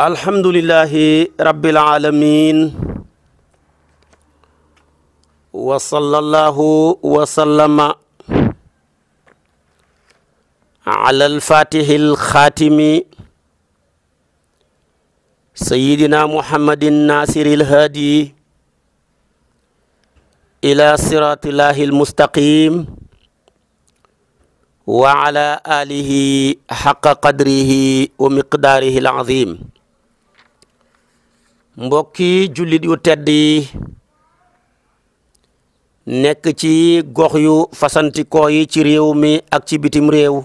alhamdulillahi rabbil alamin wa sallallahu wa sallama ala alfatihi alxaatimi sayidina muhammadin nasiri alhaadi ila siratillahi almustaqim wa ala alihi xaqa qadrihi wa miqdaarihi alazim mbokki jullit yu tedd yi nekk ci gox yu fasantikoo yi ci réew mi ak ci bitim réew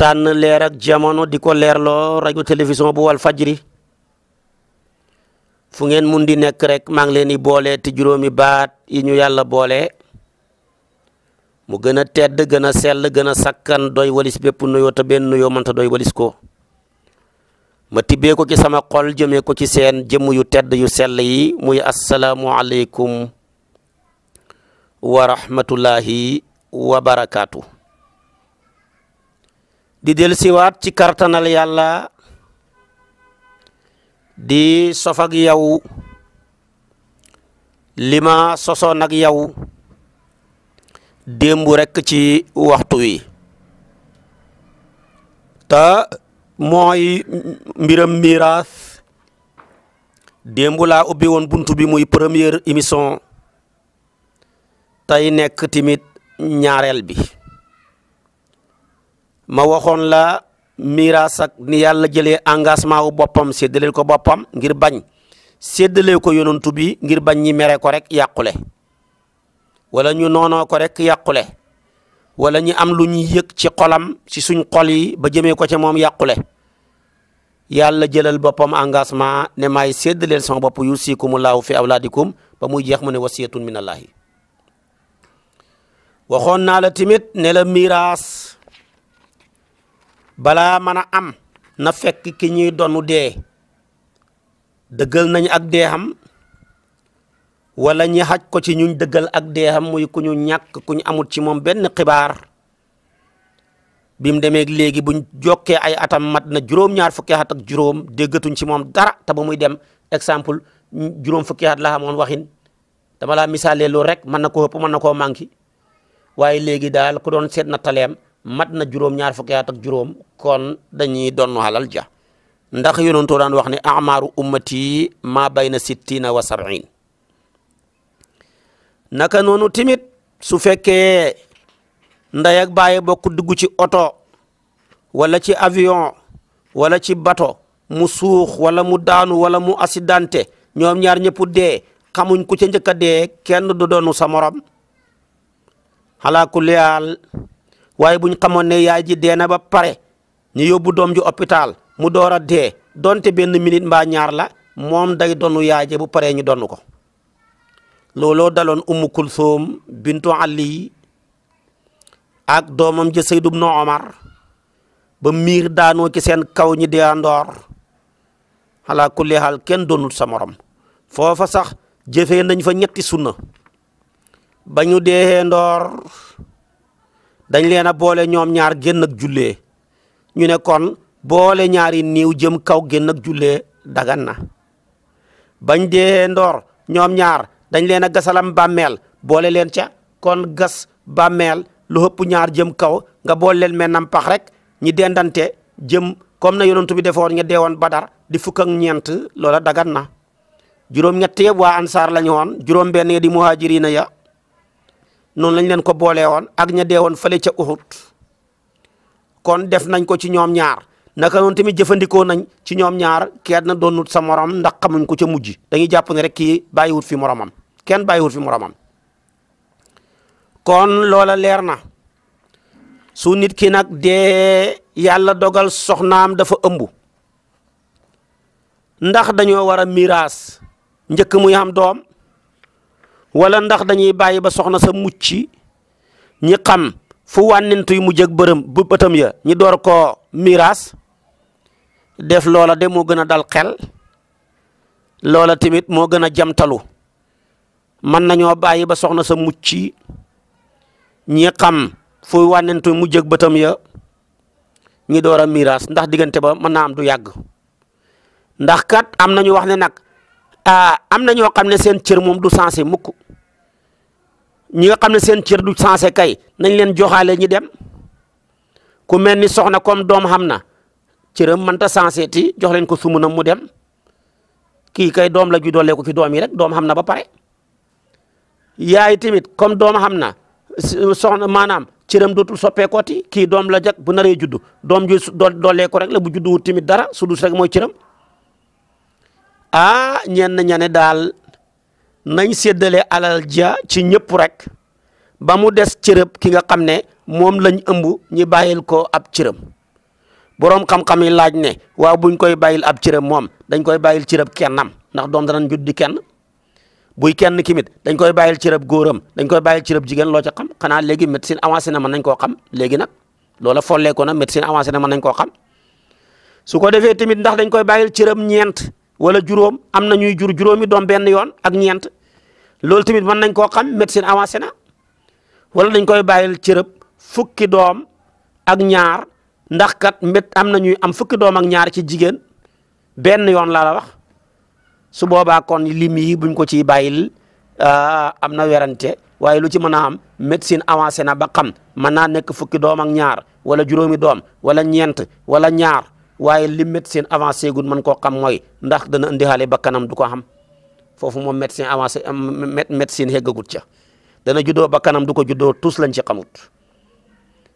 tànn leerak ak jamono di ko leerloo rajo télévision bu wal fajri fu ngeen mun di nekk rek maa ngi leen di boole ti juróomi baat yi ñu yàlla boole mu gën a tedd gën a sell gën a sakkan doy walis bépp nuyoo te benn nuyoo mënta doy walis ko ma tibbee ci sama xol jëmee ko ci seen jëmm yu tedd yu sell yi muy asalaamualeykum wa rahmatullahi wa di del siwaat ci kartanal yàlla di sofak ak yow li ma sosoon yow démb rekk ci waxtu wi te mooy mbiram miraas démb laa ubbi buntu bi muy première émission tey nekk timit ñaareel bi ma waxoon la miraas ak ni yàlla jëlee engagement wu boppam séddaleel ko boppam ngir bañ séddalee ko yonantu bi ngir bañ ñi mere ko rek yàqule wala ñu noonoo ko rek yàqule wala ñi am lu ñu yëg ci xolam ci suñ xol yi ba jëmee ko ca moom yàqule yàlla jëlal boppam engagement ne may maay sédd leen sama mu yusikumullahu fi awlaadikum ba muy jeex mu ne wasiyatun min allahi waxoon naa la tamit ne la miraas balaa mën a am na fekk ki ñuy donu dee dëggal nañ ak dee xam wala ñi xaj ko ci ñuñ dëggal ak deexam muy ku ñu ñàkk ku ñu amut ci moom benn xibaar bim demee léegi buñ jokkee ay atam mat na juróom-ñaar fukki at ak juróom déggatuñ ci moom dara te ba muy dem exemple juróom fukki at la xamoon waxin dama laa misaalee loolu rek mën na koo ëpp mën na koo manqué waaye léegi daal ku doon seet na taleem mat na juróom-ñaar fukki at ak juróom kon dañuy doon halal ja ndax too daan wax ne amaaru ummati maa bayna sittina wa sab'in naka noonu timit su fekkee ndey ak baay bokk dugg ci oto wala ci avion wala ci bato mu suux wala mu daanu wala mu accidenté ñoom ñaar ñëpp dee xamuñ ku ca njëkk a dee kenn du doonu sa morom xalaa waaye buñ xamoon ne yaay ji dee na ba pare ñu yóbbu doom ji hôpital mu door a dee donte benn minute mbaa ñaar la moom day donu yaay ji bu paree ñu donn ko looloo daloon ummu kulsoom bintu ali ak doomam ja Seyd ibnu Omar ba miir daanoo ci seen kaw ñi deyandoor ala kulli haal kenn doonul sa morom foofa sax jëfee nañ fa ñetti sunna ba ñu deexee ndoor dañ leen a boole ñoom ñaar génn ak ñu ne kon boole ñaari niiw jëm kaw génn ak jullee dagan na bañ deexee ndoor ñoom ñaar dañ leen a gasalam bàmmeel boole leen ca kon gas bàmmeel lu hëpp ñaar jëm kaw nga boole leen mennam pax rek ñi dendante jëm comme na yonent bi defoon ña deewoon badar di fukk ak ñeent loola dagan na juróom-ñett yëpp waa ansaar lañu woon juróom-benn ya di muhajirina ya noonu lañ leen ko boolee woon ak ña dee woon fële ca Uhud kon def nañ ko ci ñoom ñaar naka noonu tamit jëfandikoo nañ ci ñoom ñaar na doon wut sa morom ndax xamuñ ko ca mujj dañuy jàpp ne rek kii bàyyiwut fi moromam kenn bàyyiwut fi moromam kon loola leer na su nit ki nag dee yàlla dogal soxnaam dafa ëmb ndax dañoo war a miraas njëkk muy am doom wala ndax dañuy bàyyi ba soxna sa mucc ñi xam fu wànnintuy mujj ak bërëm bu ñi door ko miraas def loola de moo gën a dal xel loola tamit moo gën a jamtalu mën nañoo bàyyi ba soxna sa mucc ñi xam fuy wànnentu mujj ak bëtam ya ñi door a miraas ndax diggante ba mën naa am du yàgg ndax kat am na ñu wax ne nag am na ñoo xam ne seen cër moom du sensé mukk ñi nga xam ne seen cër du sensé kay nañ leen joxaale ñi dem ku mel ni soxna comme doom xam na cëram mënta sanseeti jox leen ko sumunam mu dem kii kay doom la ju doole ko ci doom yi rek doom xam na ba pare yaay tamit comme doom xam na soxna maanaam cëram dootul soppeekooti kii doom la jag bu naree juddu doom ju doole ko rek la bu juddu wut tamit dara su dus rek mooy cëram ah ñenn ñane daal nañ séddale alal ja ci ñëpp rek ba mu des cërëb ki nga xam ne moom lañ ëmbu ñi bàyyil ko ab cërëm borom xam-xam yi laaj ne waaw buñ koy bàyyil ab cërëb moom dañ koy bàyyil cërëb kennam ndax doom danañ di kenn buy kenn kimit dañ koy bàyyil cërëb góoram dañ koy bàyyil cërëb jigéen loo ca xam xanaa léegi médecine avancée na mën nañ koo xam léegi nag loola follee ko na médecine avancée na mën nañ koo xam su ko defee tamit ndax dañ koy bàyyil cërëb ñeent wala juróom am na ñuy jur juróomi doom benn yoon ak ñeent loolu tamit mën nañ koo xam médecine avancée na wala dañ koy bàyyil cërëb fukki doom ak ñaar ndax kat am na ñuy am fukki doom ak ñaar ci jigéen benn yoon laa la wax su boobaa kon lim yi buñ ko ciy bàyyil euh, am na werante waaye lu ci mën a am médecine avancé na ba xam mën naa nekk fukki doom ak ñaar wala juróomi doom wala ñeent wala ñaar waaye li médecine avancé gun mën koo xam mooy ndax dana indi xale bakkanam du ko xam foofu moom médecine avancé médecine heggagut ca dana juddoo bakkanam du ko juddoo tous lañ ci xamut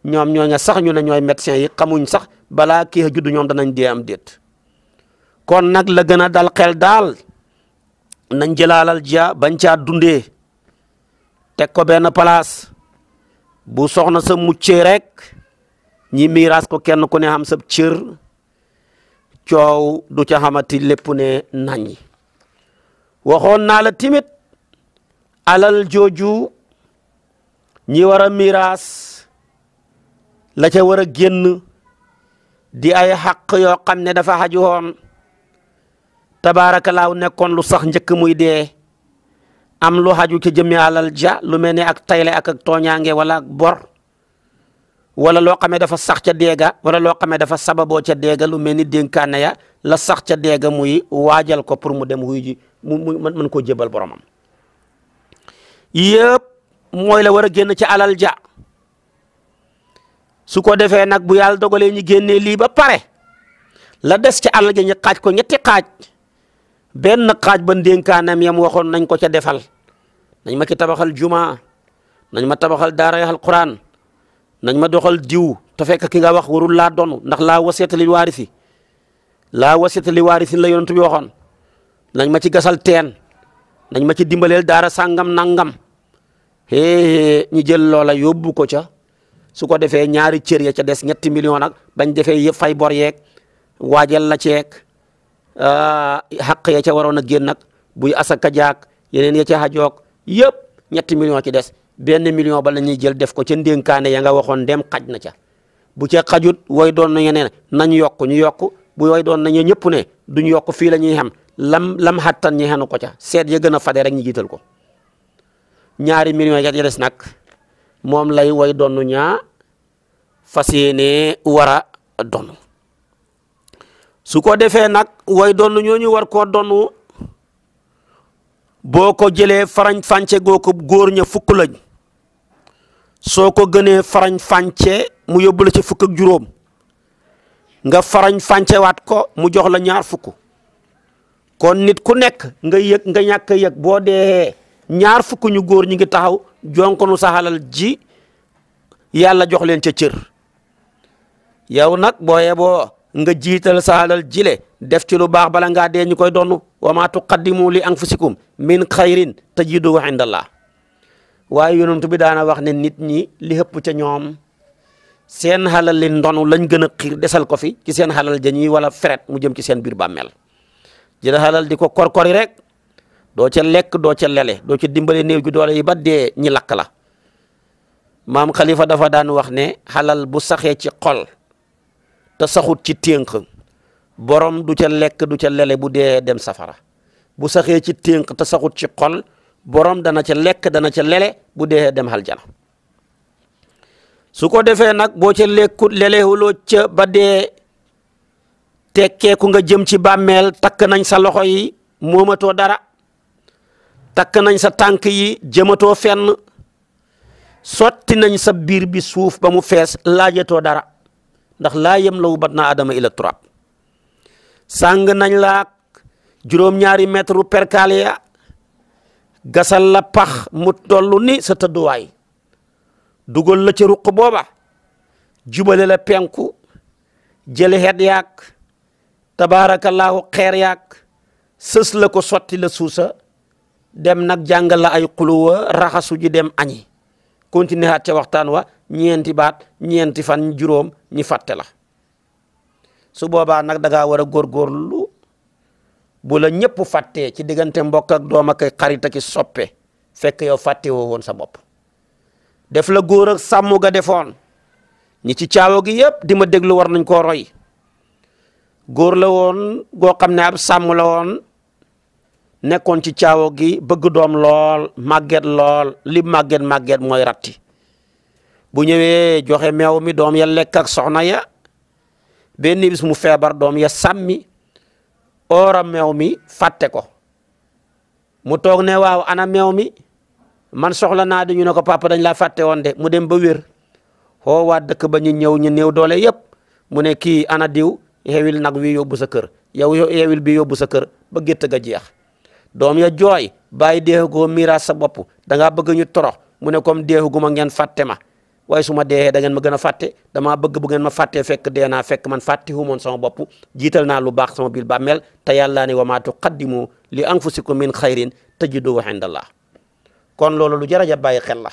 ñoom ñooña sax ñu ne ñooy médecins yi xamuñ sax bala kii a judd ñoom danañ di am déet kon nag la gën a dal xel daal nañ jëlaalal ja bañ caa dundee teg ko palaas bu soxna sa muccee rek ñi miraas ko kenn ku ne xam sa cër coow du ca xamati lépp ne nañ waxoon naa la timit alal jooju ñi war a miiras la ca war a génn di ay xàq yoo xam ne dafa xaju woon tabaarakalaaw nekkoon lu sax njëkk muy dee am lu xaju ca jëmmi alal ja lu mel ne ak tayle ak ak tooñaange wala ak bor wala loo xamee dafa sax ca deega wala loo xamee dafa sababoo ca deega lu mel ni dénkaane ya la sax ca deega muy waajal ko pour mu dem wuy ji mu mu mën koo jébal boromam yëpp mooy la war a génn ci alal ja su ko defee nag bu yàlla dogalee ñu génne lii ba pare la des ci àll ja ñu xaaj ko ñetti xaaj benn kaaj ba ndénkaanam yam waxoon nañ ko ca defal nañ ma ki tabaxal jumaa nañ ma tabaxal daara yaxal quraan nañ ma doxal diw te fekk ki nga wax warul laa donu ndax laa wasiyata li waarisi laa wasiyata li waarisi la yonent bi waxoon nañ ma ci gasal teen nañ ma ci dimbaleel daara sàngam nangam hee ñu jël loola yóbbu ko ca su ko defee ñaari cër ya ca des ñetti million nag bañ defee yëpp fay bor yeeg waajal la ceeg ah, xaq ya ca waroon a génn nag buy asaka jaag yeneen ya ca xajoog yëpp ñetti million ci des benn million ba la ñuy jël def ko ca ndénkaane ya nga waxoon dem xaj na ca bu ca xajut way doon na ne nañ yokk ñu yokk bu way doon nañu ñëpp ne duñ yokk fii la ñuy xam lam lam xattan ñi xenu ko ca seet ya gën a fade rek ñu jiital ko ñaari million ya des nag moom lay woy donnu ñaa fas yéene war a donnu su ko defee nag way donnu ñooñu war koo donnu boo ko jëlee farañ fànce goo ko góor ña fukk lañ soo ko gënee farañ fànce mu yóbbu la ci fukk ak nga farañ fànce waat ko mu jox la ñaar fukk kon nit ku nekk nga yëg nga ñàkk yëg boo dee ñaar fukk ñu góor ñi ngi taxaw jonkonu sa xalal ji yàlla jox leen ca cër yow nag boo yeboo nga jiital sa xalal jile def ci lu baax bala nga dee ñu koy donn wa maa tuqaddimu li anfusikum min xayrin tajiduhu indallah waaye yonent bi daana wax ne nit ñi li ëpp ce ñoom seen xalal li ndonu lañ gën a xiir desal ko fi ci seen xalal ja ñi wala feret mu jëm ci seen biir bàmmeel jël xalal di ko korkori rek doo ca lekk doo ca lele doo ca dimbale néew ju doole yi ba dee ñi lakk la maam Khalifa dafa daan wax ne xalal bu saxee ci xol te saxut ci ténk borom du ca lekk du ca lele bu dee dem safara bu saxee ci ténk te saxut ci xol borom dana ca lekk dana ca lele bu dee dem aljana su ko defee nag boo ca lekkut lelewuloo ca ba dee tekkeeku nga jëm ci bàmmeel takk nañ sa loxo yi moomatoo dara takk nañ sa tànk yi jëmatoo fenn sotti nañ sa biir bi suuf ba mu fees laajatoo dara ndax laa yem lawu bat naa adama ila turab sàng nañ laak juróom-ñaari mètre perkaal ya gasal la pax mu dollu ni sa tëdduwaay dugal la ca ruq booba jubale la penku jëli xet yaak tabaarakallaahu xeer yaak sës la ko sotti la suusa dem nag jàngal la ay xuluwa raxasu ji dem añi continuer at ca waxtaan wa ñeenti baat ñeenti fan juróom ñi fàtte la su boobaa nag da ngaa war a góorgóorlu bu la ñëpp fàttee ci diggante mbokk ak doom ak xarit ak soppe fekk yow fàtte woo woon sa bopp def la góor ak sàmm ga defoon ñi ci caawa gi yëpp di ma déglu war nañ koo roy góor la woon goo xam ne ab sàmm la woon nekkoon ci caawo gi bëgg doom lool màgget lool li màgget màgget mooy ratti bu ñëwee joxe meew mi doom ya lekk ak soxna ya benn bis mu feebar doom ya sàmmi oora meew mi fàtte ko mu toog ne waaw ana meew mi man soxla naa di ñu ne ko papa dañ la fàtte woon de mu dem ba wér xoo waa dëkk ba ñu ñëw ñu néew doole yëpp mu ne kii ana diw yewil nag wi yóbbu sa kër yow yewil bi yóbbu sa kër ba gétt ga jeex doom ya jooy bàyyi deexagoo miiraas sa bopp da bëgg ñu torox mu ne comme deexaguma ngeen fàtte ma waaye su ma deexee da ma gën a fàtte damaa bëgg bu ngeen ma fàttee fekk dee naa fekk man fàtte wu moon sama bopp jiital naa lu baax sama biir bàmmeel te yàllaa ne wa maa tuqaddimu li anfusikum min xayrin tajiduhu indallah kon loolu lu jaraja bàyyi xel la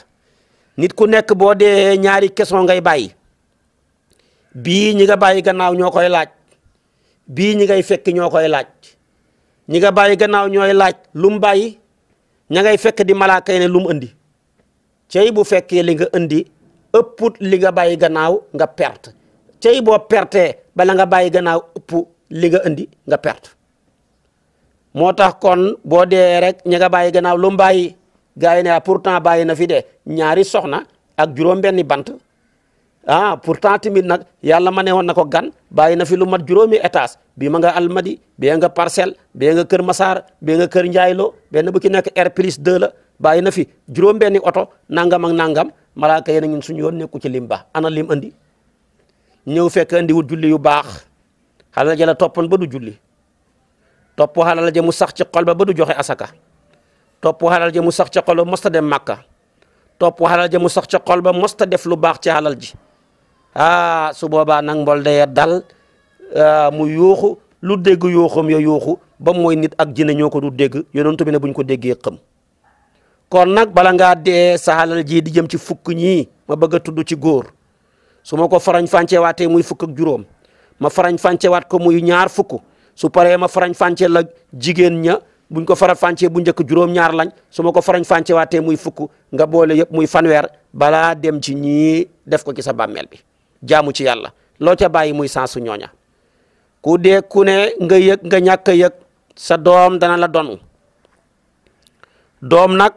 nit ku nekk boo dee ñaari question ngay bàyyi bii ñi nga bàyyi gannaaw ñoo koy laaj bii ñi ngay fekk ñoo koy laaj ñi nga bàyyi gannaaw ñooy laaj lu mu bàyyi ña ngay fekk di malaaka yi ne lu mu indi cey bu fekkee li nga indi ëpput li nga bàyyi gannaaw nga perte cey boo pertee bala nga bàyyi gannaaw ëpp li nga indi nga perte moo tax kon boo dee rek ñi nga bàyyi gannaaw lu mu bàyyi gars yi ne pourtant bàyyi na fi de ñaari soxna ak juróom-benni bant ah pourtant tamit nag yàlla ma ne woon na ko gan bàyyi na fi lu mat juróomi étage bii ma nga almadi bee nga parcelle bee nga kër Masaar bee nga kër Njaayloo benn bu ci nekk R plus 2 la bàyyi na fi juróom benni oto nangam ak nangam malaaka yéen ñun suñu yoon nekku ci lim ba ana lim andi ñëw fekk andi wut julli yu baax xalal ja la toppoon ba du julli topp xalal ja mu sax ci xol ba ba du joxe asaka topp xalal ja sax ci xol ba mosta dem makka topp xalal ja mu sax ci xol ba mosta def lu baax ci xalal ji ah su boobaa nag mbol daya dal ah, muy yuuxu lu dégg yuuxum ya yuuxu ba mooy nit ak jinne ñoo ko du dégg yonent bi ne buñ ko déggee xam kon nag bala nga dee saxalal ji di jëm ci fukk ñii ma bëgg a tudd ci góor su ma ko farañ fànceewaatee muy fukk ak juróom ma farañ fànceewaat ko muy ñaar fukk su paree ma farañ fànce jigéen ña buñ ko fara fàncee bu njëkk juróom lañ su ma ko farañ fànceewaatee muy fukk nga boole yëpp muy fanweer balaa dem ci ñii def ko ci sa bàmmeel bi jaamu ci yàlla loo ca bàyyi muy sansu ñooña ku dee ku ne nga yëg nga ñàkk a yëg sa doom dana la donu doom nag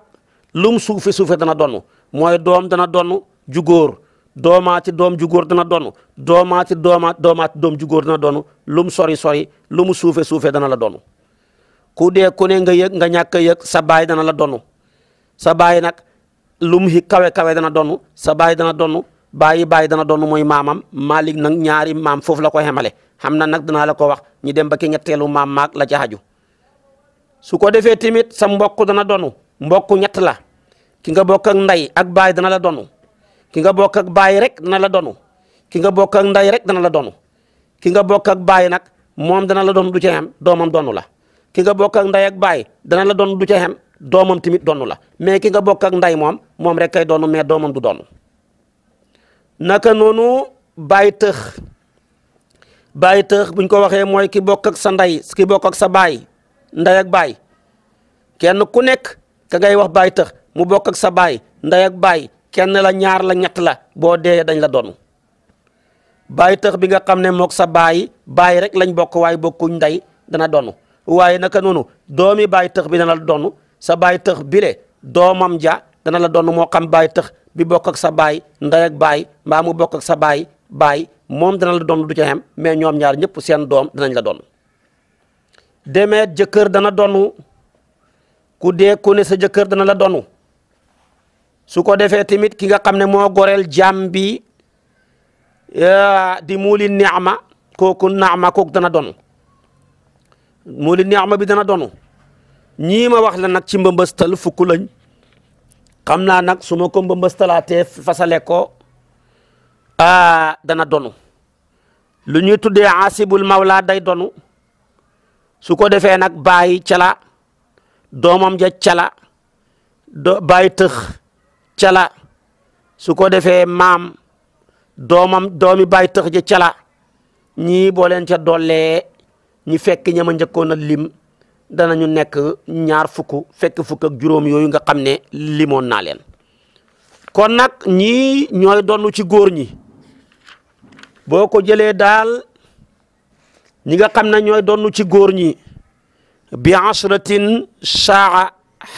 lum suufe suufe dana donnu mooy doom dana donu ju góor doomaati doom ju góor dana donu doomaati doomaat doomaati doom ju góor dana donu lum sori sori lu mu suufe suufe dana la donu ku dee ku ne nga yëg nga ñàkk a sa baay dana la donu sa baay nag lum hi kawe kawe dana donu sa baay dana donu bàyyi bàyyi dana doon mooy maamam Malick nag ñaari maam foofu la ko xemale xam na nag danaa la ko wax ñu dem ba ki ñetteelu maam maak la ca su ko defee tamit sa mbokk dana donnu mbokk ñett la ki nga bokk ak ak baay dana la donnu ki nga bokk ak baay rek dana la donu ki nga bokk ak nday rek dana la donu ki nga bokk ak baay nag moom dana la donu du ca doomam donu la ki nga bokk ak nday ak baay dana la donu du ca doomam tamit donu la mais ki nga bokk ak nday moom moom rek kay donu mais doomam du donnu naka noonu baay tëx baay tëx buñ ko waxee mooy ki bokk sa nday ki bokk ak sa baay ndey baay kenn ku nekk ka ngay wax baay tëx mu bokk ak sa baay ndey baay kenn la ñaar la ñett la boo dee dañ la doon baay tëx bi nga xam ne mook sa baay baay rek lañ bokk waay bokkuñ nday dana donnu waaye naka noonu doomi baay tëx bi dana la doon sa baay tëx bile doomam ja dana la doon moo xam baay tax bi bokk ak sa baay ndey baay mbaamu mu bokk ak sa baay baay moom dana la doon du ca xem mais ñoom ñaar ñëpp seen doom danañ la doon demeet jëkkër dana doon ku dee ku ne sa jëkkër dana la donnu su ko defee tamit ki nga xam ne moo goreel jaam bi di muuli neexma kooku naama kooku dana doon muuli neexma bi dana donnu ñii ma wax la nag ci mbëmbëstal fukk lañ xam naa nag su ma ko mbëmbëstalaatee fasale ko a dana donu lu ñuy tuddee asibul mawla day donu su ko defee nag bàyyi cala doomam ja cala do bàyyi tëx cala su ko defee maam doomam doomi bàyyi tëx ja cala ñii boo leen ca dollee ñi fekk ñama njëkkoon a lim danañu nekk ñaar fukk fekk fukk juróom yooyu nga xam ne limoon naa leen kon nag ñii ñooy donnu ci góor ñi boo ko jëlee daal ñi nga xam ne ñooy donn ci góor ñi bi asratin saa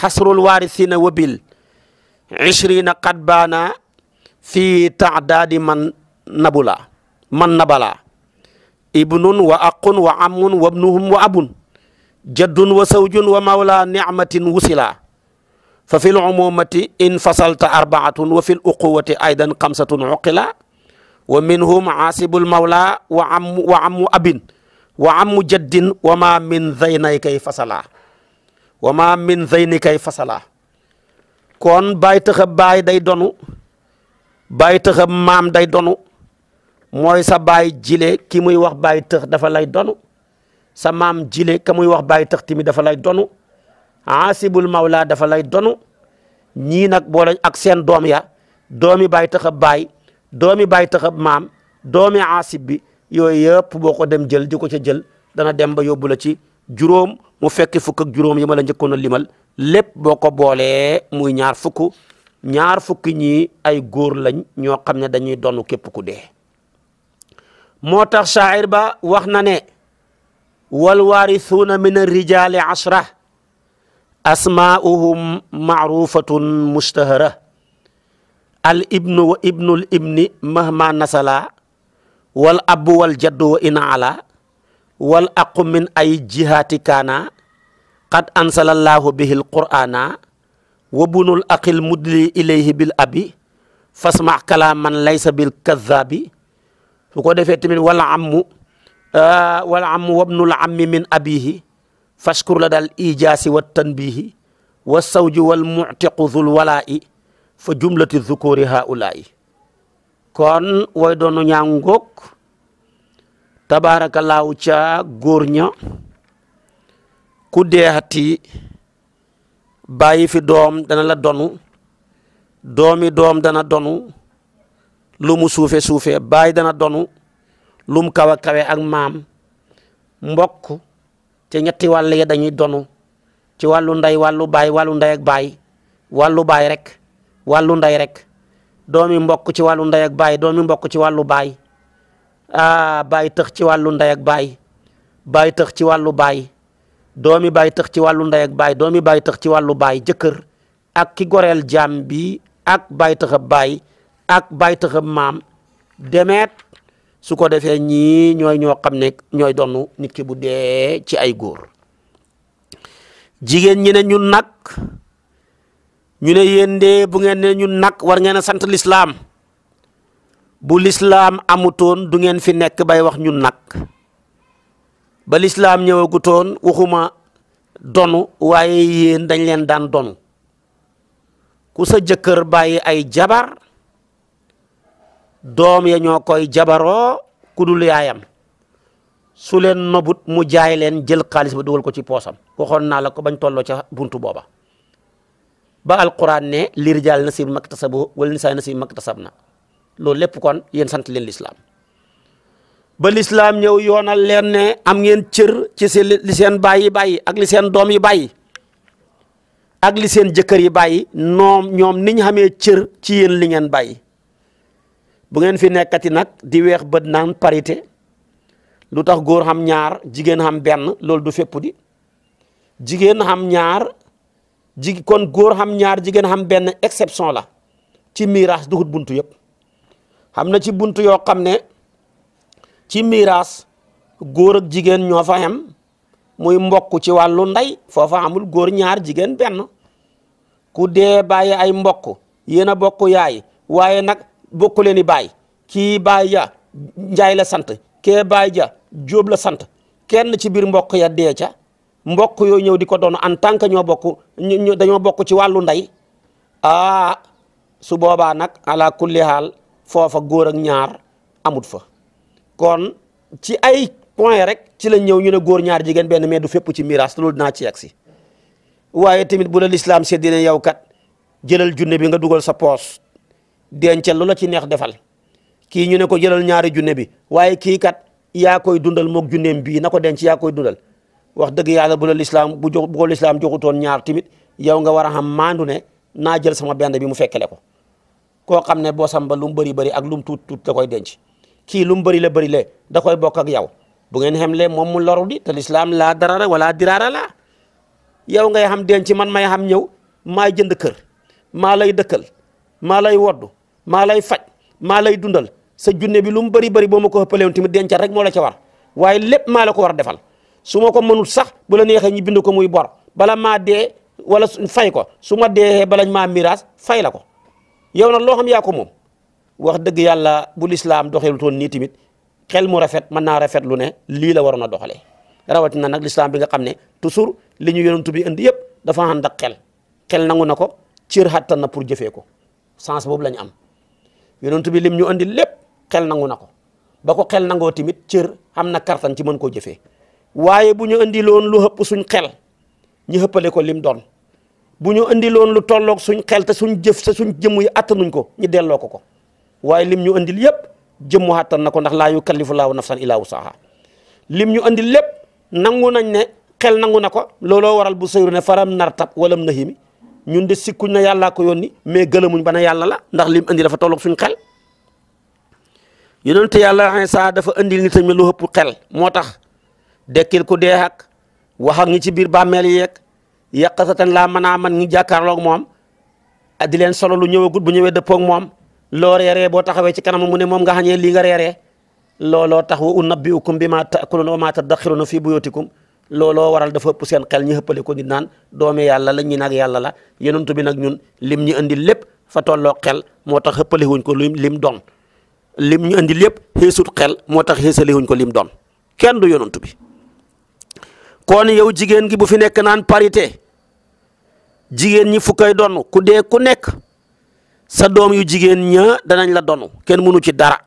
xasrul waarithina wabil ishrina qad baana fi taadaadi man nabula man nabala ibnun wa aqun wa amun wa ibnuhum wa abun jaddun wa sawjun wa mawla nicmatin wusila fa fi lumumati infasalta arbaatun wa fi l uquwati aydan xamsatun uqila wa minhum aasibul mawla wa am abin wa amu jaddin wa ma min zaynay kay fasala wa ma min zayni kay fasala kon baay tëxab baay day donu baay tëxab maam day donu mooy sa baay jile ki muy wax baay tëx dafa lay donu sa maam jile ka muy wax bàyyi tax tamit dafa lay donu asibul mawla dafa lay donu ñii nag boole ak seen doom ya doomi bàyyi tax a baay doomi bàyyi tax a maam doomi asib bi yooyu yëpp boo ko dem jël di ko ca jël dana dem ba yóbbu ci juróom mu fekki fukk ak juróom yi ma la njëkkoon limal lépp boo ko boolee muy ñaar fukk ñaar fukki nii ay góor lañ ñoo xam ne dañuy donn képp ku dee moo tax shaa'ir ba wax na ne walwaarisuuna min arrijaali ashra asmaa'uhum ma'rufatun mushtahara al ibnu wa ibnul ibni mahma nasala wal abbu wal jaddu wa in ala wal aqu min ay jihaati kaana qad ansalallahu bihi alqur'ana wa bunul aqil mudli ilayhi bil abi fasma' kalaaman laysa bil kazzaabi su ko defee tamit wala ammu Ah, wal am wabnul ammi min abihi fashkur la daal ijaasi wa tanbihi wa sawji wal muctiqu zul walaa'i fa jumlati dhukuri haulaa'i kon way doonu ñaangoog tabaarakallaahu ca góor ña ku deexati bàyyi fi doom dana la donu doomi doom dana donu lumu suufe suufe bàyyi dana donu lum kaw a kawe ak maam mbokk te ñetti wàll ya dañuy donu ci wàllu nday wàllu baay wàllu nday baay wàllu baay rek wàllu nday rek doomi mbokk ci wàllu nday ak baay doomi mbokk ci wàllu baay ah tëx ci wàllu nday baay baay tëx ci wàllu baay doomi baay tëx ci wàllu nday ak baay doomi baay tëx ci wàllu baay jëkkër ak ki gorel jaam bi ak baay tëxab ak baay tëxab maam demeet su ko defee ñii ñooy ñoo xam ne ñooy donnu nit bu dee ci ay góor jigéen ñi ne ñun nag ñu ne yéen de bu ngeen ne ñun nag war ngeen sant lislaam bu lislaam amutoon du ngeen fi nekk bay wax ñun nag ba lislaam ñëwagutoon waxuma donu waaye yéen dañ leen daan donu ku sa jëkkër bàyyi ay jabar doom ya ñoo koy jabaroo ku yaayam su leen nobut mu jaay leen jël xaalis ba dugal ko ci poosam waxoon naa la ko bañ tolloo ca buntu booba ba alquran ne lirjaal nasib maktasabu wala nisaa nasib maktasab na loolu lépp kon yéen sant leen lislaam ba lislaam ñëw yoonal leen ne am ngeen cër ci seen li yi bàyyi ak li seen doom yi bàyyi ak li seen jëkkër yi bàyyi noom ñoom niñ xamee cër ci yéen li ngeen bàyyi bu ngeen fi nekkati nag di weex bët naan parité lu tax góor xam ñaar jigéen xam benn loolu du fépp di jigéen xam ñaar ji kon góor xam ñaar jigéen xam benn exception la ci miraas duhut buntu yëpp xam na ci buntu yoo xam ne ci miraas góor ak jigéen ñoo fa xam muy mbokk ci wàllu ndey foofa amul góor ñaar jigéen benn ku dee bàyyi ay mbokk yéen a yaay waaye nag bokku leen i baay kii baay ja njaay la sant kee baay ja jóob la sant kenn ci biir mbokk ya dee ca mbokk yooyu ñëw di ko doon en tant que ñoo bokk ñu dañoo bokk ci wàllu ndey aa ah, su boobaa nag ala kulli haal foofa góor ak ñaar amut fa kon ci ay point rek ci la ñëw ñu na góor ñaar jigéen benn mais du fépp ci miraas loolu dinaa ci yegsi waaye tamit bu la lislaam seddi ne yow kat jëlal junne bi nga dugal sa poos dencal lu la ci neex defal kii ñu ne ko jëlal ñaari junne bi waaye kii kat yaa koy dundal moog junneem bii na ko denc yaa koy dundal wax dëgg yàlla bu la lislaam bu jox bu ko lislaam joxutoon ñaar tamit yow nga war a xam maandu ne naa jël sama benn bi mu fekkele ko koo xam ne boo samba lu mu bëri bëri ak lu mu tuut tuut da koy denc ki lu mu bëri la bëri le da koy bokk ak yow bu ngeen xamlee moom mu loru di te lislaam laa darara wala diraara laa yow nga xam denc man may xam ñëw maay jënd kër maa lay dëkkal maa lay woddu maa lay faj maa lay dundal sa junne bi lu mu bëri bëri boo ma ko ëppalewoon tamit dencal rek moo la ca war waaye lépp maa la ko war a defal su ma ko mënul sax bu la neexee ñu bind ko muy bor bala maa dee wala fay ko su ma dee balañ maa miraas fay la ko yow nag loo xam yaa ko moom wax dëgg yàlla bu lislaam doxelu toon nii tamit xel mu rafet mën naa rafet lu ne lii la waroon a doxalee rawatina nag lislaam bi nga xam ne toujours li ñu yonent bi indi yëpp dafa ànd ak xel xel nangu na ko cër xattan na pour jëfee ko sens boobu la ñu am yonent bi lim ñu andi lépp xel nangu na ko ba ko xel nangoo tamit cër am na kartan ci mën koo jëfee waaye bu ñu andiloon lu ëpp suñ xel ñu ëppale ko lim doon bu ñu andiloon lu tolloog suñ xel te suñ jëf te suñ jëmm yi nuñ ko ñu delloo ko ko waaye lim ñu andil yépp jëmmu attan na ko ndax laa yukallifu laahu nafsan illaa wusaha lim ñu andil lépp nangu nañ ne xel nangu na ko looloo waral bu sëyru ne faram nartab walam nahimi ñun de sikkuñ na yàllaa ko yónni mais gëlëmuñ ba na yàlla la ndax lim indi dafa tolloog suñ xel yonente yàlla Iisaa dafa indil nit ñi lu ëpp xel moo tax dekkil ku dee ak wax ak ñi ci biir bàmmeel yeeg yàqasatan laa mën a man ñi jàkkaarloog moom di leen solo lu ñëwagut bu ñëwee dëppoog moom loo reeree boo taxawee ci kanam mu ne moom nga xañee lii nga reeree looloo tax wa unabbi'ukum bimaa ta'kuluuna wa maa taddaxiruuna fii buyuutikum looloo waral dafa ëpp seen xel ñu xëppale ko di naan doome yàlla la ñi nag yàlla la yonent bi nag ñun lim ñi indi lépp fa tolloo xel moo tax xëppale wuñ ko lim lim doon lim ñu indi lépp xeesut xel moo tax xeesale wuñ ko lim doon kenn du yonent bi kon yow jigéen gi bu fi nekk naan parité jigéen ñi fukkay donn ku dee ku nekk sa doom yu jigéen ña danañ la donn kenn mënu ci dara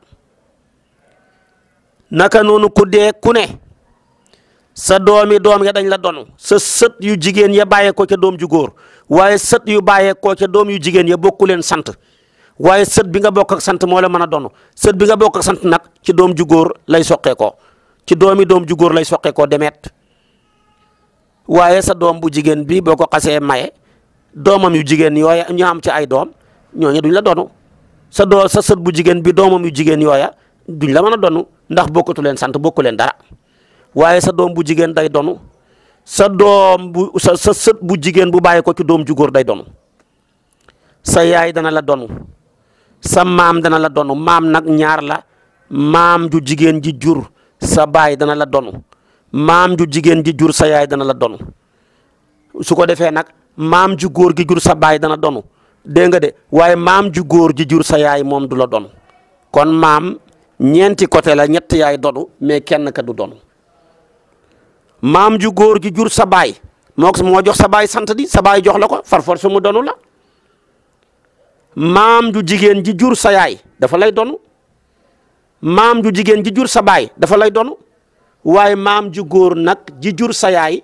naka noonu ku dee ku ne sa doomi doom ya dañ la donu sa sët yu jigéen ya bàyyeekoo ca doom ju góor waaye sët yu bàyyeekoo ca doom yu jigéen ya bokku leen sant waaye sët bi nga bokk ak sant moo la mën a donu sët bi nga bokk ak sant nag ci doom ju góor lay soqeekoo ci doomi doom ju góor lay soqeekoo demet waaye sa doom bu jigéen bi boo ko xasee maye doomam yu jigéen yooya ñu am ci ay doom ñooñu duñ la donu sa doo sa sët bu jigéen bi doomam yu jigéen yooya duñ la mën a donu ndax bokkatu leen sant bokku leen dara waaye sa doom bu jigéen day donu sa doom bu sa bu jigéen bu bàyyi ko ci doom ju góor day donu sa yaay dana la donu sa maam dana la donu maam nag ñaar la maam ju jigéen ji jur sa baay dana la donu maam ju jigéen ji jur sa yaay dana la donu su ko defee nag maam ju góor gi jur sa baay dana donu dégg nga de waaye maam ju góor ji jur sa yaay moom du la donu kon maam ñeenti côté la ñett yaay donu mais kenn ka du donu maam ju góor ji jur sa baay moo moo jox sa baay sant di sa baay jox la ko far force mu donu la maam ju jigéen ji jur sa yaay dafa lay donu maam ju jigéen ji jur sa baay dafa lay donu waaye maam ju góor nag ji jur sa yaay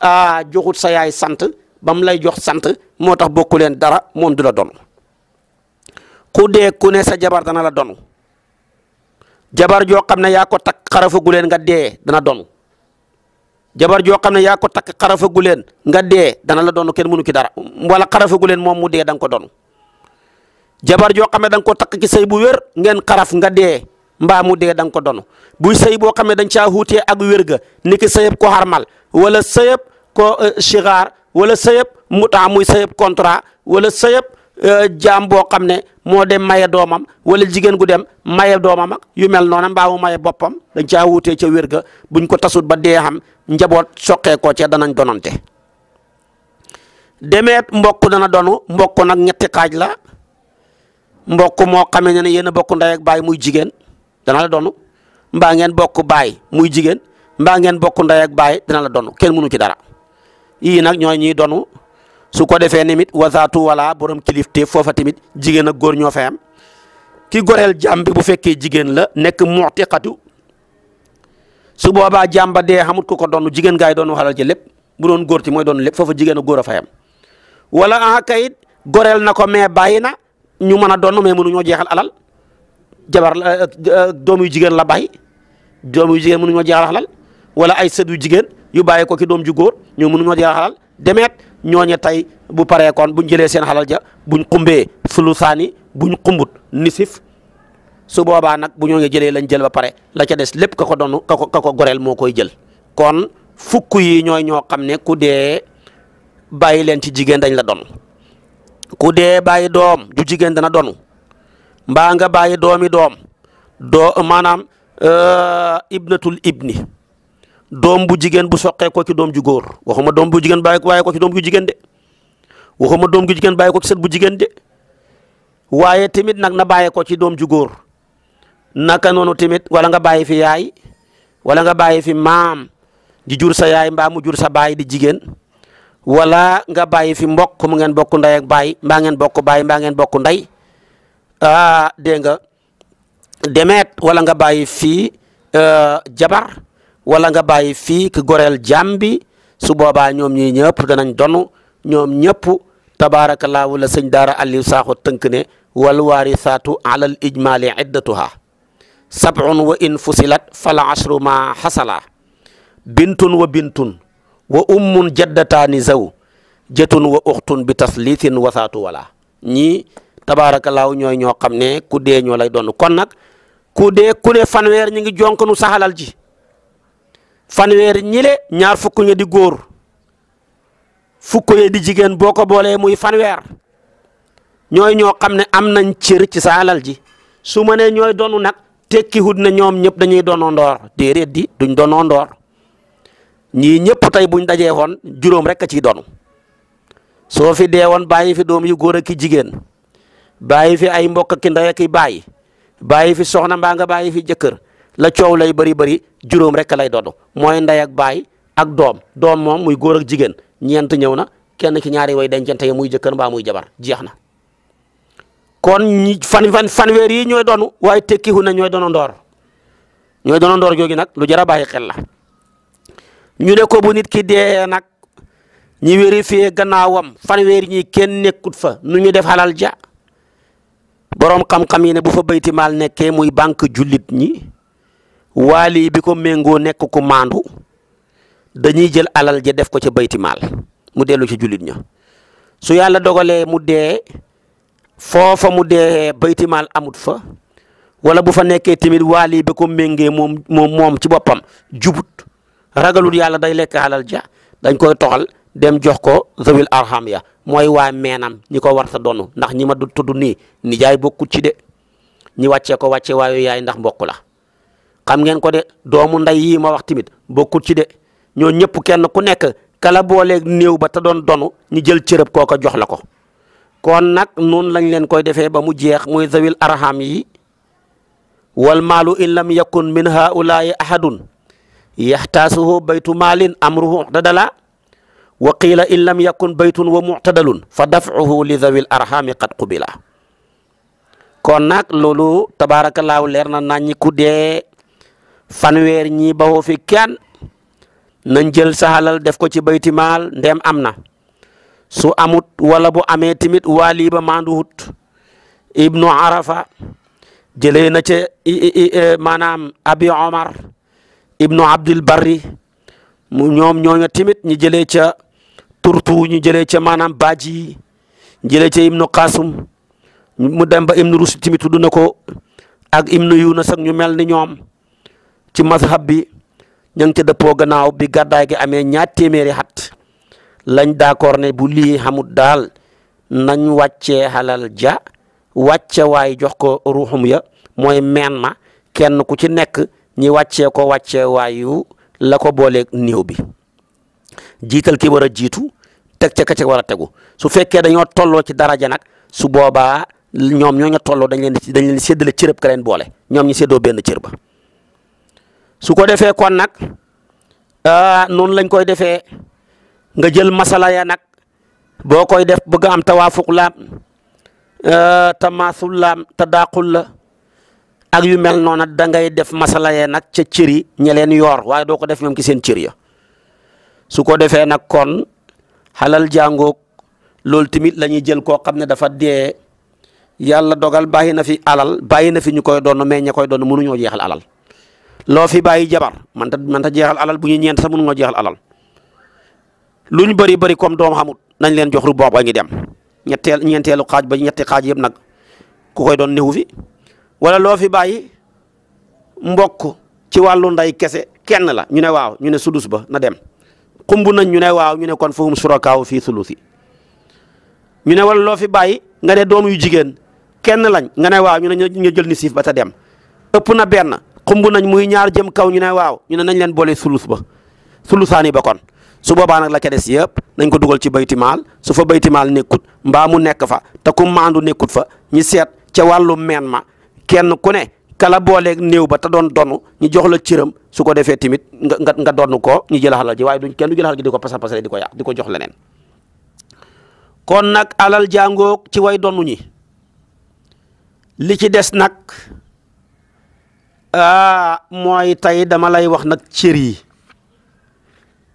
a joxut sa yaay sant ba lay jox sant moo tax bokku leen dara moom du la donu ku dee ku ne sa jabar dana la donu jabar joo xam ne yaa ko takk xarafagu leen nga dee dana donu jabar joo xam ne yaa ko takk xarafagu leen nga dee dana la doon kenn mënu ki dara wala xarafagu leen moom mu dee da ko doon jabar joo xam ne da nga ko takk ci sëy bu wér ngeen xaraf nga dee mbaa mu dee da nga ko doon buy sëy boo xam ne dañ caa huutee ak wér ga ni ki sëyëb ko xarmal wala sëyëb ko sigaar euh, wala mu ta muy sëyëb contrat wala sëyëb Euh, jaam boo xam ne moo dem maye doomam wala jigéen gu dem maye doomam ak yu mel noonu mbaa mu maye boppam dañ caa wuutee ca wér buñ ko tasut ba dee xam njaboot soqee koo cee danañ donante demeet mbokk dana donu mbokk nag ñetti kaaj la mbokk moo xamee ne yéen bokku bokk baay muy jigéen dana la donu mbaa ngeen bokk baay muy jigéen mbaa ngeen bokku ndey baay dana la donu kenn mënu ci dara yii nag ñooy ñiy donu su ko defee nimit wasaatu wala borom kilifteef foofa tamit jigéen a góor ñoo fay am ki goreel jaam bi bu fekkee jigéen la nekk mu'tiqatu su boobaa jaam ba dee xamut ko ko doon jigéen gaay doon waxalal ci lépp bu doon góor ti mooy doon lépp foofa jigéen ak góor a fay am wala ah kayit goreel na ko mais bàyyi na ñu mën a doon mais mënuñoo jeexal alal jabar euh, doom yu jigéen la bàyyi doom yu jigéen mënuñoo jeexal wala ay sët jigéen yu bàyyi ko ki doom ju góor ñoo mënuñoo jeexal alal demeet ñooñe tey bu paree kon buñ jëlee seen xalal ja buñ xumbee sulusaani buñ xumbut nisif su boobaa nag bu ñoo ngi jëlee lañ jël ba pare la ca des lépp ka ko doon ka ko ka goreel moo koy jël kon fukk yi ñooy ñoo xam ne ku dee bàyyi leen ci jigéen dañ la doon ku dee bàyyi doom ju jigéen dana donu mbaa nga bàyyi doomi doom doo maanaam euh, ibnatul ibni doom bu jigéen bu soqee ko ci doom ju góor waxuma doom bu jigéen bàyyi waaye ko ci doom bu jigéen de waxuma doom ju jigéen bàyyi ko ci sët bu jigéen de waaye tamit nag na bàyyi ko ci doom ju góor naka noonu tamit wala nga bàyyi fi yaay wala nga bàyyi fi maam di jur sa yaay mbaa mu jur sa baay di jigéen wala nga bàyyi fi mbokk mu ngeen bokku nday ak baay mbaa ngeen bokk baay mbaa ngeen bokk nday ah dégg nga demeet wala nga bàyyi fi euh, jabar wala nga bàyyi fii ki goreel jaam bi su boobaa ñoom ñii ñëpp danañ donu ñoom ñëpp tabaarakallaahu la sëñ daara Aliou Sakho tënk ne wal waarisaatu alal ijmaali iddatuha sab'un wa in fusilat fal ashru ma xasala bintun wa bintun wa ummun jaddataani zaw jëtun wa uxtun bi tasliisin wasaatu wala ñii tabaarakallaahu ñooy ñoo xam ne ku dee ñoo lay doon kon nag ku dee ku fan fanweer ñu ngi jonkanu saxalal ji fanweeri ñile ñaar fukk ña di góor fukk ya di jigéen boo ko boolee muy fanweer ñooy ñoo xam ne am nañ cër ci sa alal ji su ma nee ñooy donu nag tekki hut ne ñoom ñëpp dañuy donoo ndoor déedéet di duñ donoo ndoor ñii ñëpp tey buñ dajee woon juróom rekk a ci donu soo fi dee woon bàyyi fi doom yu góor ak ki jigéen bàyyi fi ay mbokk ki ki bàyyi bàyyi fi soxna mbaa nga bàyyi fi jëkkër la coow lay bëri bëri juróom rekk lay doon mooy ndey ak baay ak doom doom moom muy góor ak jigéen ñeent ñëw na kenn ki ñaari way dencante yi muy jëkkër mbaa muy jabar jeex na kon ñi fan fanweer yi ñooy doonu waaye tekkiwu na ñooy doon ndoor ñooy doon ndoor joogi nag lu jar a bàyyi xel ñu ne ko bu nit ki dee nag ñi vérifié gannaawam fanweer ñi kenn nekkut fa nu ñu def xalal ja boroom xam-xam yi ne bu fa bayti maal nekkee muy banque jullit ñi. waali bi ko méngoo nekk ku maandu dañuy jël alal ja def ko ca bayti maal mu dellu ci jullit ña su yàlla dogalee mu dee foofa mu dee bayti amut fa wala bu fa nekkee tamit waali bi ko méngee moom moom ci boppam jubut ragalul yàlla day lekk alal ja dañ koy toxal dem jox ko zawil arham ya mooy waa meenam ñi ko warta doonu ndax ñi ma du tudd nii nijaay bokkut ci de ñi wàccee ko wàcce waayu yaay ndax mbokk la xam ngeen ko de doomu nday yii ma wax tamit bokkut ci de ñoo ñëpp kenn ku nekk kala booleeg new ba ta doon donu ñu jël cërëb kooka jox la ko kon nag noonu lañ leen koy defee ba mu jeex muy zawil arham yi wal malu in lam yakun min haulaai ahadun yaxtaasuhu baytu malin amruhu muctadala wa qiila in lam yakun baytun wa muctadalun fa dafcuhu li zawil arhami qad qubila kon nag loolu tabaarakallaahu leer na naññi ku dee fanweer ñii bawoo fi kenn nañ jël sa def ko ci bayti maal ndem am na su amut wala bu amee waa waali ba maanduwut ibnu arafa jëlee na ca e, maanaam abi omar ibnu abdul barri mu ñoom ñooña tamit ñu jëlee ca turtu ñu jëlee ca maanaam baaji jëlee ca ibnu qasum mu dem ba ibnu rushd tamit tudd na ko ak ibnu yunus ak ñu mel ni ñoom ci mazhab bi ña ngi ca dëppoo bi gàddaay gi amee ñaar téeméeri xat lañ dakoor ne bu lii xamut daal nañ wàccee xalal ja wàcce waay jox ko ruuxum ya mooy meen ma kenn ku ci nekk ñi wàccee ko wàcce waayu la ko boolee néew bi jiital ki war a jiitu teg ca ka ca war a tegu su fekkee dañoo tolloo ci daraja nag su boobaa ñoom ñoo ña tolloo dañ leen dañ leen séddale cërëb ka boole ñoom ñi séddoo benn cër ba su ko defee kon nag ah, noonu lañ koy defee nga jël masala nag boo koy def bëgg am tawaafuq laam ah, tamaasul laam tadaaqul la ak yu mel noon da ngay def masala ya nag ca cëri ña leen yoor waaye doo ko def ñoom ki seen cër ya su ko defee nag kon xalal jàngoog loolu tamit la ñuy jël koo xam ne dafa dee yàlla dogal bàyyi na fi alal bàyyi na fi ñu koy doon mais ña koy doon mënuñoo jeexal alal loo fi bàyyi jabar manta ta man ta jeexal alal bu ñu ñeent sax mun nga jeexal alal luñ bari bëri comme doom xamut nañ leen jox ru boob a ngi dem ñetteel ñeenteelu xaaj ba ñetti xaaj yëpp nag ku koy doon néew fi wala loo fi bàyyi mbokk ci wàllu nday kese kenn la ñu ne waaw ñu ne sudus ba na dem xumb nañ ñu ne waaw ñu ne kon fahum surakaaw fii sulusi ñu ne wala loo fi bàyyi nga ne doom yu jigéen kenn lañ nga ne waaw ñu ne ñu jël ni siif ba ta dem ëpp na benn xumb nañ muy ñaar jëm kaw ñu ne waaw ñu ne nañ leen boole sulus ba sulusaani ba kon su boobaa nag la ca des yëpp nañ ko dugal ci baytimaal su fa baytimaal nekkut mbaa mu nekk fa te ku maandu nekkut fa ñi seet ca wàllu meen ma kenn ku ne kala booleeg néew ba te doon donnu ñu jox la cëram su ko defee tamit nga nga nga donn ko ñu jël xalal ji waaye duñ kenn du jël xalal ji di ko pasar pasare di ko yàq di ko jox leneen kon nag alal jàngoog ci way donnu ñi li ci des nag ah mooy tey dama lay wax nag cër yi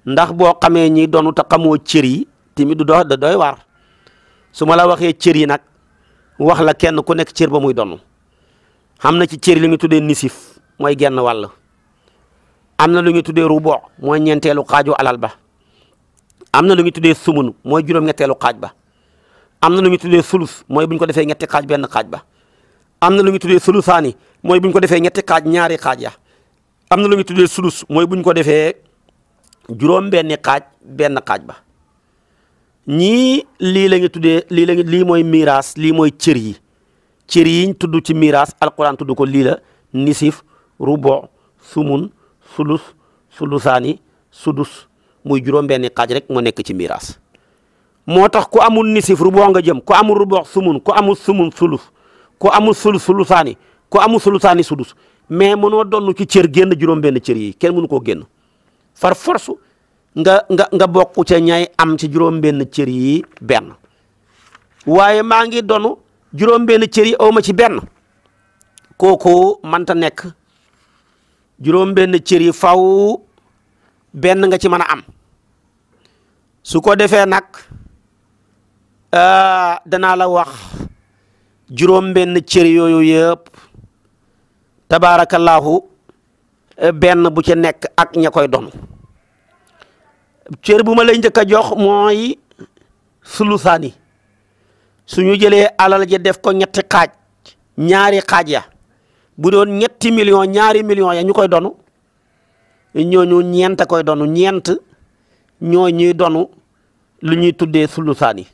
ndax boo xamee ñi donnu ta xamoo cër yi tamit du doy da doy waar su ma la waxee cër yi nag wax la kenn ku nekk cër ba muy donnu xam na ci cër li ñu tuddee nisif mooy genn wàll am na lu ñu tuddee rubo mooy ñeenteelu xaaju alal ba am na lu ñu tuddee sumunu mooy juróom-ñetteelu xaaj ba am na lu ñu tuddee sulus mooy bu ñu ko defee ñetti xaaj benn xaaj ba am na lu ñu tuddee sulusaani mooy bu ñu ko defee ñetti xaaj ñaari xaaj ya am na lu ñu tuddee sulus mooy bu ñu ko defee juróom benni xaaj benn kaaj ba ñii lii la tuddee lii la lii mooy miraas lii mooy cër yi cër yiñ tudd ci miraas alquran tuddu ko lii la nisif rubo sumun sulus sulusaani sudus muy juróom benni xaaj rek moo nekk ci miraas moo tax ku amul nisif rubo nga jëm ku amul rubo sumun ku amul sumun sulus ku amul sulu sulusaani ku amul sulusaani sudus mais mënoo donn ci cër génn juróom-benn cër yi kenn mënu koo génn far force nga nga nga bokk ca ñay am ci juróom-benn cër yi benn waaye maa ngi donn juróom cër yi aw ma ci benn kooku mënta nekk juróom-benn cër yi faw benn nga ci mën a am su ko defee nag euh, danaa la wax. juróom-benn cër yooyu yëpp tabaarakallaahu benn bu ca nekk ak ña koy doon cër bu ma lay njëkk a jox mooy sulusaani suñu jëlee alal ja def ko ñetti kaaj ñaari xaaj ya bu doon ñetti million ñaari million ya ñu koy donu ñooñu ñeent koy donu ñeent ñoo ñuy donu lu ñuy tuddee sulusaani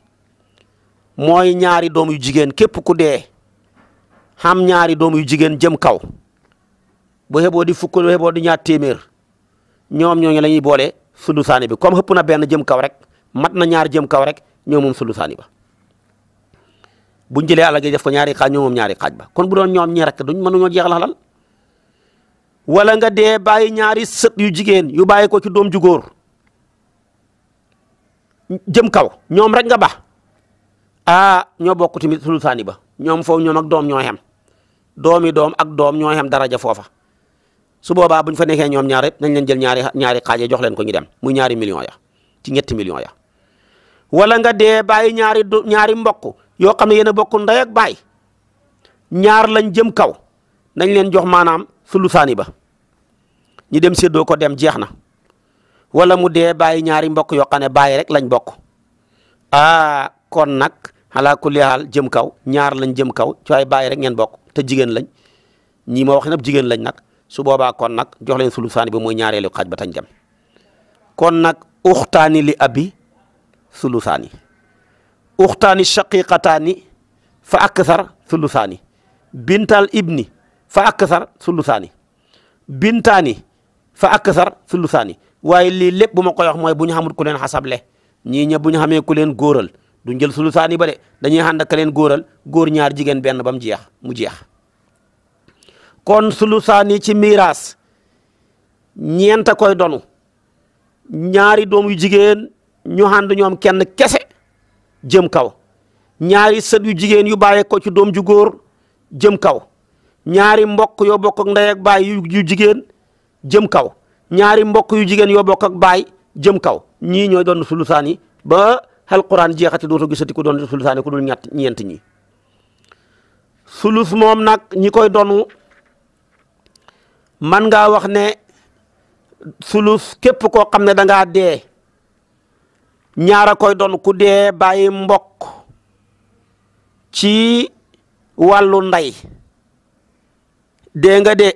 mooy ñaari doom yu jigéen képp ku dee xam ñaari doom yu jigéen jëm kaw bu xeboo di fukk bu di ñaar téeméer ñoom ñooñu la ñuy boole sulusaani bi comme xëpp na benn jëm kaw rek mat na ñaari jëm kaw rek ñoo moom sulusaani ba bu jëlee alal gi def ko ñaari xaaj ñoo ñaari xaaj ba kon bu doon ñoom ñi rek duñ mënuñoo jeexal xalal wala nga dee bàyyi ñaari sët yu jigéen yu bàyyi ko ci doom ju góor jëm kaw ñoom rek nga ba ah ñoo bokku tamit sultaani ba ñoom foofu ñoom ak doom ñoo xem doomi doom ak doom ñoo xem daraja foofa su boobaa buñ fa nekkee ñoom ñaar yëpp nañ leen jël ñaari ñaari xaaje leen ko ñu dem mu ñaari millions ya ci ñetti millions ya wala nga dee bàyyi ñaari ñaari mbokk yoo xam ne yéen a bokk ndey ak ñaar lañ jëm kaw nañ leen jox maanaam sulusaani ba ñu dem séddoo ko dem jeex na wala mu dee bàyyi ñaari mbokk yoo xam ne rek lañ bokk ah kon nag ala kulli haal jëm kaw ñaar lañ jëm kaw ci waay bàyyi rek ngeen bokk te jigéen lañ ñii ma wax nag jigéen lañ nag su boobaa kon nag jox leen sulusaani bi mooy ñaareelu xaaj ba tañ dem kon nag uxtaani li abi sulusaani uxtaani shaqiqataani fa aksar sulusaani bintal ibni fa aksar sulusaani bintaani fa aksar sulusaani waaye lii lépp bu ma koy wax mooy bu ñu xamul ku leen xasable ñii ña bu ñu xamee ku leen góoral duñ jël sulusaani ba de dañuy ànd ak leen góoral góor ñaar jigéen benn ba mu jeex mu jeex kon sulusaani ci miiras ñeenta koy donu ñaari doom yu jigéen ñu ànd ñoom kenn kese jëm kaw ñaari sët yu jigéen yu bàyyee ko ci doom ju góor jëm kaw ñaari mbokk yoo bokk ak yu jigéen jëm kaw ñaari mbokk yu jigéen yoo bokk ak baay jëm kaw ñii ñooy doon sulusaani ba alquran jeexati dootoo gisati ku doon sulusaane ku dul ñett ñeent ñi sulus moom nag ñi koy donu man ngaa wax ne sulus képp koo xam ne da ngaa dee ñaara koy don ku dee bàyyi mbokk ci wàllu ndey dee nga de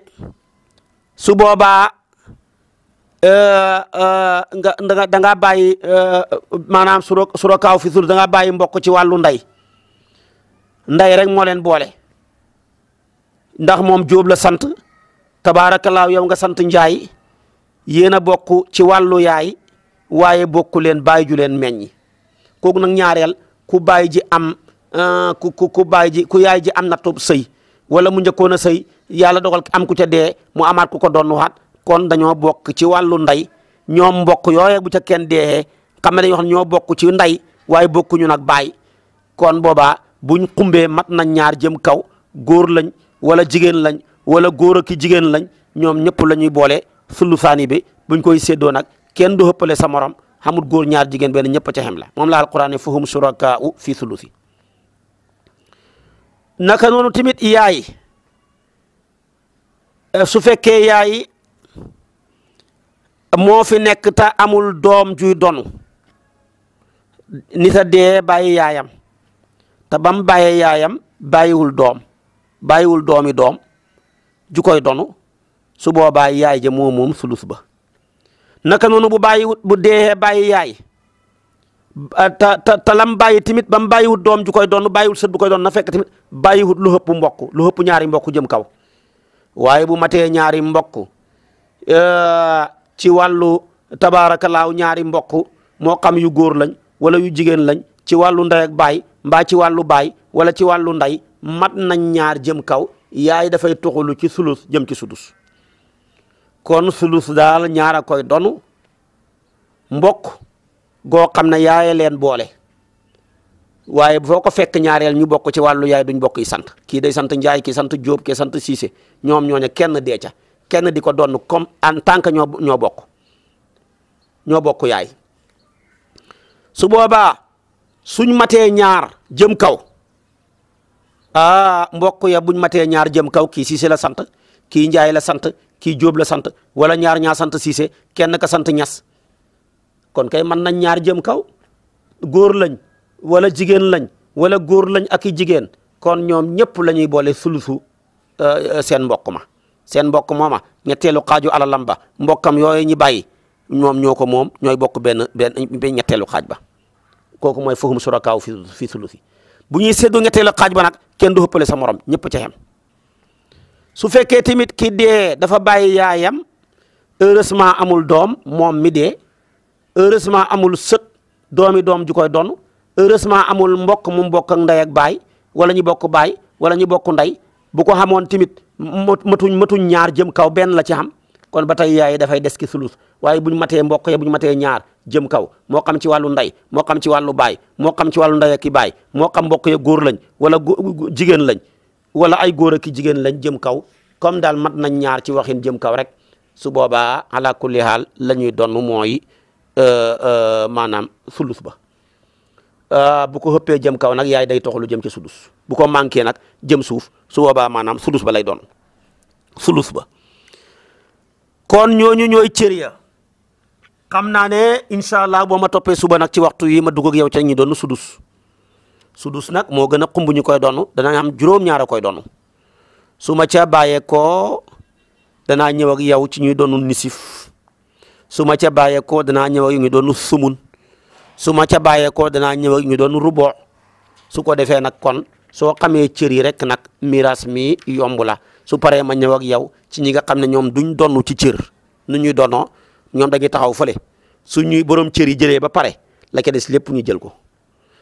su boobaa Eh, eh, nga danga da ngaa bàyyi eh, maanaam suro surokaaw fi sur da ngaa bàyyi mbokk ci wàllu ndey ndey rek moo leen boole ndax moom Jóob la sant tabaarakallaahu yow nga sant Njaay yéen a bokk ci wàllu yaay waaye bokku leen bàyyi ju leen meññi kooku nag ñaareel ku bàyyi ji am ku ku ku bàyyi ji ku yaay ji am na nattu sëy wala mu njëkkoon a sëy yàlla dogal am ku ca dee mu amaat ku ko doon waxaat kon dañoo bokk ci wàllu ndey ñoom mbokk yooye bu ca kenn deexee xam ne ñoo bokku ci ndey waaye bokkuñu nag baay kon boobaa buñ xumbee mat na ñaar jëm kaw góor lañ wala jigéen lañ wala góor ak jigéen lañ ñoom ñëpp la ñuy boole sulusaani bi buñ koy séddoo nag kenn du xëppale sa morom xamul góor ñaar jigéen benn ñëpp ca xem la moom la alquran ne fahum surakaa'u fi sulusi naka noonu tamit yaay su fekkee yaay moo fi nekk te amul doom juy donu nit a dee bàyyi yaayam te bam bàyyee yaayam bàyyiwul doom bàyyiwul doomi doom ju koy donu su boobaa yaay ja moo moom sulus ba naka noonu bu bàyyiwut bu dee bàyyi yaay ta ta lam bàyyi tamit bam bàyyiwul doom ju koy donu bàyyiwul sa bu koy doon na fekk tamit bàyyiwut lu hëpp mbokk lu hëpp ñaari mbokku jëm kaw waaye bu matee ñaari mbokk euh, ci wàllu tabaarakallaahu ñaari mbokk moo xam yu góor lañ wala yu jigéen lañ ci wàllu ndey baay mbaa ci wàllu baay wala ci wàllu ndey mat nañ ñaar jëm kaw yaay dafay tuxulu ci sulus jëm ci sudus kon sulus daal ñaara a koy donu mbokk goo xam ne yaaye leen boole waaye foo ko fekk ñaareel ñu bokk ci wàllu yaay du duñ mbokk yi sant kii day sant Njaay ki sant Jóob kii sant Siise ñoom ñoo ñooña kenn deeca kenn di ko donn comme en tant que ñoo ñoo bokk ñoo bokk yaay su boobaa suñ matee ñaar jëm kaw ah mbokk ya buñ matee ñaar jëm kaw kii Cissé la sant kii Njaay la sant kii Jóob la sant wala ñaar ñaa sant Cissé kenn ka sant Ñas kon kay mën nañ ñaar jëm kaw góor lañ wala jigéen lañ wala góor lañ aki i jigéen kon ñoom ñëpp lañuy ñuy boole sulusu euh, seen mbokk ma seen mbokk mooma ñetteelu xaaju alalam ba mbokkam yooyu ñi bàyyi ñoom ñoo ko moom ñooy bokk benn benn ñetteelu xaaj ba kooku mooy fahum surakaaw fi fi sulusi bu ñuy séddoo ñetteelu xaaj ba nag kenn du ëppale sa morom ñëpp ca xem su fekkee tamit ki dee dafa bàyyi yaayam heureusement amul doom moom mi dee heureusement amul sët doomi doom ju koy donn heureusement amul mbokk mu mbokk ak bay ak baay wala ñu bokk baay wala ñu bokk ndey bu ko xamoon tamit matuñ matuñ ñaar jëm kaw benn la ci xam kon ba tey yaay dafay des ki sulus waaye buñ matee mbokk ya buñ matee ñaar jëm kaw moo xam ci wàllu ndey moo xam ci wàllu baay moo xam ci wàllu ndey ak i baay moo xam mbokk ya góor lañ wala jigéen lañ wala ay góor ak i jigéen lañ jëm kaw comme daal mat nañ ñaar ci waxin jëm kaw rek su boobaa ala kulli haal la ñuy mooy euh, euh, maanaam sulus ba Euh, bu ko xëppee jëm kaw nag yaay day toxalu jëm ci sudus bu ko manqué nag jëm suuf su boobaa maanaam sudus ba lay doon sudus ba kon ñooñu ñooy cër ya xam naa ne incha allah boo ma toppee suba nag ci waxtu yi ma dugg ak yow ca ñi doon sudus sudus nag moo gën a xumb koy doon dana am juróom a koy doon su ma ca bàyyeekoo danaa ñëw ak yow ci ñuy doon nisif su ma ca bàyyeekoo danaa ñëw ak yow ñu doon sumun su ma ca bàyyeekoo danaa ñëw ak ñu doon ruboo su ko defee nag kon soo xamee cër yi rek nag miraas mii yomb la su paree ma ñëw ak yow ci ñi nga xam ne ñoom duñ donnu ci cër nu ñuy donoo ñoom dañuy taxaw fële su ñuy borom cër yi jëlee ba pare la ca des lépp ñu jël ko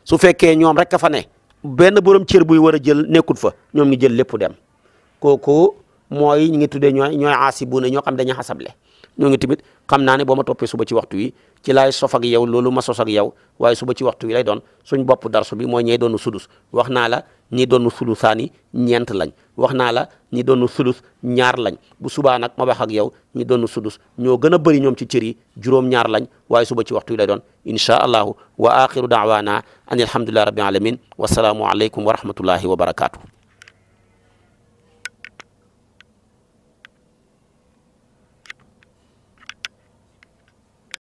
su fekkee ñoom rek a fa ne benn borom cër buy war a jël nekkut fa ñoom ñu jël lépp dem kooku mooy ñu ngi tuddee ñooy ñooy aasi bu ne ñoo xam dañuy xasable ñooñu tamit xam naa ne boo ma toppee suba ci waxtu wi ci laay sof ak yow loolu ma sos ak yow waaye suba ci waxtu wi lay doon suñ bopp darsu bi mooy ñey doonu sudus wax naa la ñi doonu sulusaani ñeent lañ wax naa la ñi doonu sulus ñaar lañ bu subaa nag ma wax ak yow ñi doonu sudus ñoo gën a bëri ñoom ci cër yi juróom ñaar lañ waaye suba ci waxtu wi lay doon inchaa allahu wa axiru daawaana an alhamdulillahi rabbil alamin wasalaamu aleykum wa rahmatullahi wa barakaatu